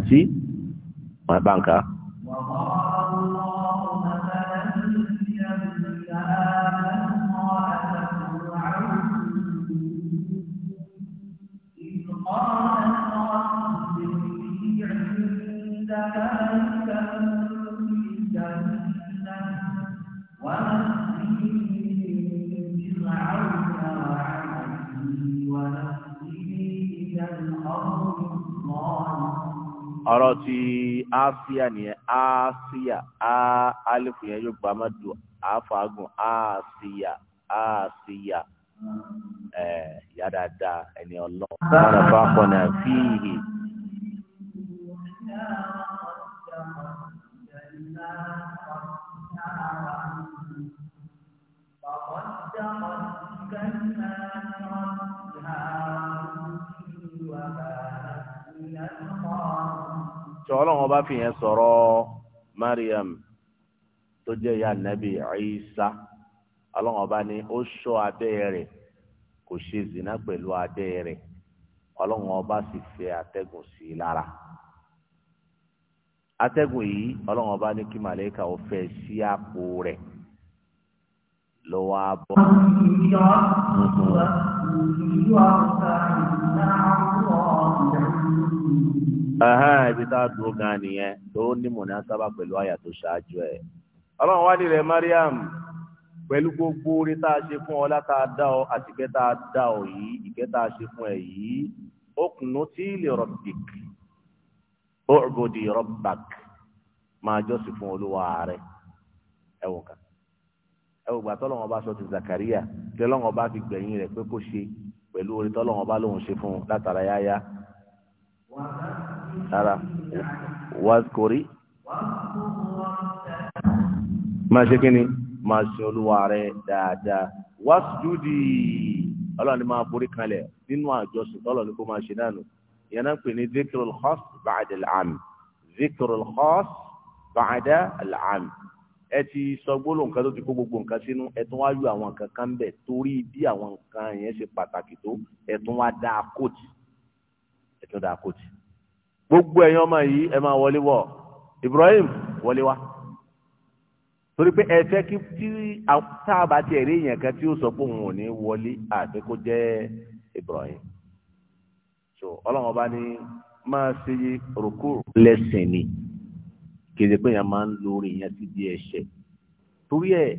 ọ̀rọ̀ ti asia nìyẹn asia a alifu yẹn yóò gba má du àfàgùn asia asia ẹ yá dáadáa ẹni ọlọ́run ọ̀rọ̀ bá náà fíìhì. Thank you. tí ọlọ́run bá fi yẹn sọ̀rọ̀ Mariam tó jẹ́ ìyá nàbì Isa ọlọ́run bá ní ó ṣọ́ abẹ́ rẹ̀ kò ṣe zina pẹ̀lú abẹ́ rẹ̀ ọlọ́run ọba sì fẹ́ atẹ́gùn sí i lára atẹ́gùn yìí ọlọ́run ọba ní kí màlẹ́kà ó fẹ́ sí àpò rẹ̀ lọ́wọ́ abọ́. Thank you. ibi tá a dúró gan nìyẹn tó ní mùnásábà pẹ̀lú àyà tó ṣáájú ẹ̀. ọlọ́run wá nílẹ̀ Mariam pẹ̀lú gbogbo orí tá a ṣe fún ọ látà dá ọ àti ìkẹ́ tá a dá ọ yìí ìkẹ́ tá a ṣe fún ẹ yìí uqnuti li rabbik u'budi rabbak máa jọ́sìn fún olúwa rẹ̀ ẹ wò kàn gbà tọ́lọ́wọ́n bá sọ ti Zakaria tọ́lọ́wọ́n bá fi gbẹ̀yìn rẹ̀ pé kó ṣe pẹ̀lú orí tọ́lọ́wọ́n bá lóun ṣe fún un látara yáyá ara wazkori máa ṣe kí ni máa ṣe olúwa rẹ dáadáa wasjudi ọlọ́run ni máa forí kalẹ̀ nínú àjọsìn tọ́lọ̀ ní kó máa ṣe náà nù ìyẹn náà ń pè ní zikrul khas ba'da al-am zikrul khas ba'da al-am ẹ ti sọ gbólóhùn nǹkan tó ti kó gbogbo nǹkan sínú ẹ tún wá yọ àwọn nǹkan kan bẹ̀ torí bí àwọn nǹkan yẹn ṣe pàtàkì tó ẹ tún wá dá a kóòtù ètò dáa kò tì gbogbo ẹ̀yin ọmọ yìí ẹ máa wọlé wọ̀ Ibrahim wọlé wá torí pé ẹ fẹ́ kí tí tá a bá tiẹ̀ rí èèyàn kan tí ó sọ pé òun ò ní wọlé àti kó jẹ́ Ibrahim so ọlọ́run ọba ní máa ṣe rúkú lẹ́sìn ni kì í ṣe pé èèyàn máa ń lórí èèyàn ti di ẹ̀ṣẹ̀ torí ẹ̀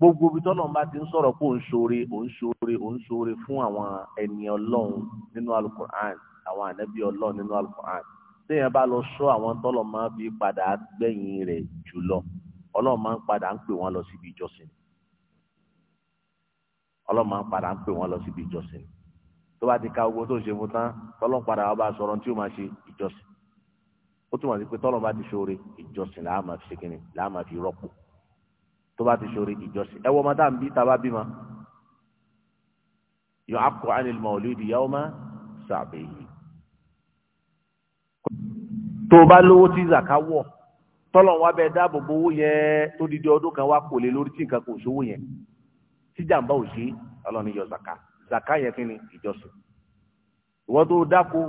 gbogbo ibi tọ́lọ́run bá ti ń sọ̀rọ̀ pé òun ṣoore òun ṣoore òun ṣoore fún àwọn ẹni ọlọ́run nínú alukur'an àwọn ànábì ọlọ́run nínú alukur'an téèyàn bá lọ sọ àwọn tọ́lọ̀ máa fi padà gbẹ̀yìn rẹ̀ jùlọ ọlọ́run máa ń padà ń pè wọ́n lọ síbi ìjọsìn ọlọ́run máa ń padà ń pè wọ́n lọ síbi ìjọsìn tó bá ti ka ogbó tó ń ṣe fún tán tọ́lọ́run padà wá bá a sọ̀rọ̀ tí ó máa ṣe ìjọsìn ó túmọ̀ sí pé tọ́lọ́run bá ti ṣoore ìjọsìn làá máa fi ṣe kínní làá máa fi rọ́pò tó bá ti ṣòro ìjọsìn ẹ wọ ọmọ tá à ń bí tá a bá bímọ yọ akọ ànilmọ olùdí yàwó má sàbẹyì tó o bá lówó tí zaka wọ tọlọ wa bẹ dáàbò bo owó yẹn tó di di ọdún kan wa kò lè lórí tí nǹkan kò sówó yẹn tí jàǹbá ò ṣe Ọlọ́run yọ zaka zaka yẹn kí ni ìjọsìn ìwọ tó dáko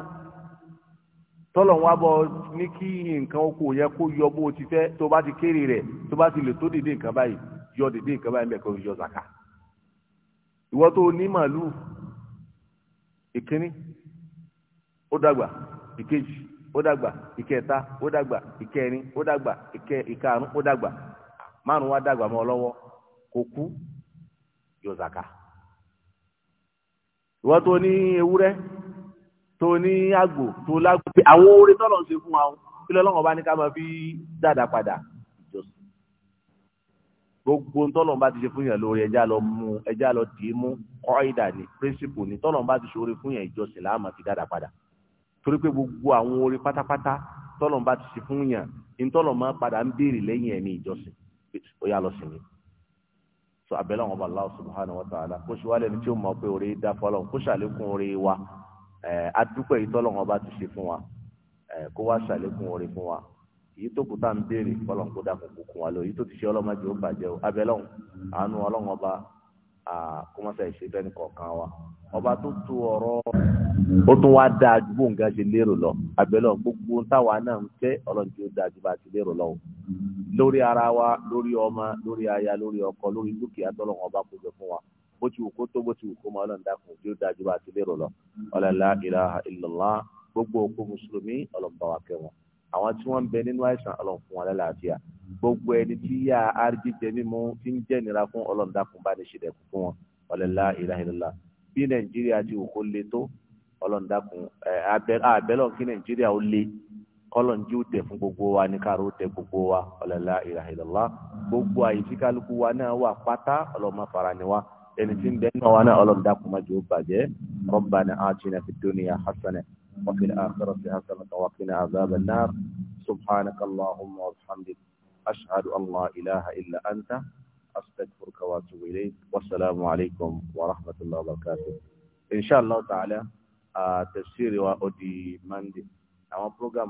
tọ́lọ̀ wọn bọ̀ ní kí nǹkan oko yẹn kó yọ bó ti fẹ́ tó bá ti kéré rẹ̀ tó bá ti lè tó dìde nǹkan báyìí yọ dìde nǹkan báyìí mẹ́kọ̀ọ́ yọ zaka ìwọ tó ní màálù ìkíní ó dàgbà ìkejì ó dàgbà ìkẹta ó dàgbà ìkẹrin ó dàgbà ìkẹ ìkarùn ó dàgbà márùn wá dàgbà mọ́ lọ́wọ́ kò kú yọ zaka ìwọ tó ní ewúrẹ́ tó ní àgbò tó lágbò pé àwọn oore tọ́lọ̀ ń ṣe fún wa kí lọ́lọ́run bá ní ká máa fi dáadáa padà gbogbo tọ́lọ̀ bá ti ṣe fún yàn lórí ẹja lọ mú ẹja lọ dì í mú kọ́ìdà ní pírísìpù ní tọ́lọ̀ bá ti ṣe oore fún yàn ìjọsìn láàmà fi dáadáa padà torí pé gbogbo àwọn oore pátápátá tọ́lọ̀ bá ti ṣe fún yàn ní tọ́lọ̀ máa padà ń béèrè lẹ́yìn ẹ̀mí ìjọsìn ó yá lọ sí mi so abẹ́lẹ́ wọn bá Allah subhanahu wa ta'ala kó ṣe wálé ní tí ó mọ̀ pé oore dá fọlọ́ kó ṣàlékún oore wa adúpẹ́ yìí tọ́lọ́wọ́n bá ti ṣe fún wa kó wá ṣàlékún oore fún wa èyí tó kù tá à ń béèrè kọ́lọ̀ kó dà kókó kún wa lọ èyí tó ti ṣe ọlọ́mọdé ó bàjẹ́ o abẹ́lọ́hùn àánú ọlọ́wọ́n bá kọ́mọ́sá ìṣe fẹ́ni kọ̀ọ̀kan wa ọba tó tu ọ̀rọ̀ ó tún wá dáa ju bóun gan ṣe lérò lọ abẹ́lọ́ gbogbo táwa náà ń fẹ́ ọlọ́run tí dáa ju bá bó ti wù kó tó bó ti wù kó mọ ọlọ́run dákun tí ó dájú bá ti lérò lọ ọlọ́lá ilaha illallah gbogbo òkú mùsùlùmí ọlọ́mọba wa kẹ́ wọn àwọn tí wọ́n ń bẹ nínú àìsàn ọlọ́run fún wọn lálàáfíà gbogbo ẹni tí yá arjí jẹ mímú tí ń jẹ́ nira fún ọlọ́run dákun bá ní ṣèdẹ̀kù fún wọn ọlọ́lá ilaha illallah bí nàìjíríà ti wù kó le tó ọlọ́run dákun àbẹ́lọ̀ kí nàìjíríà fún gbogbo wa ní káàró tẹ̀ gbogbo wa ọlọ́lá ilaha illallah gbogbo àyíkí kálukú wa náà wà pátá ọlọ́mọ fara ni wa ẹni tí ń bẹ nínú àwọn ọlọ́run dákun má jẹ́ ó bàjẹ́ ربنا آتنا في الدنيا حسنة وفي الآخرة حسنة وقنا عذاب النار سبحانك اللهم وبحمدك أشهد أن لا إله إلا أنت أستغفرك وأتوب إليك والسلام عليكم ورحمة الله وبركاته إن شاء الله تعالى tafsiri wa odi mande àwọn program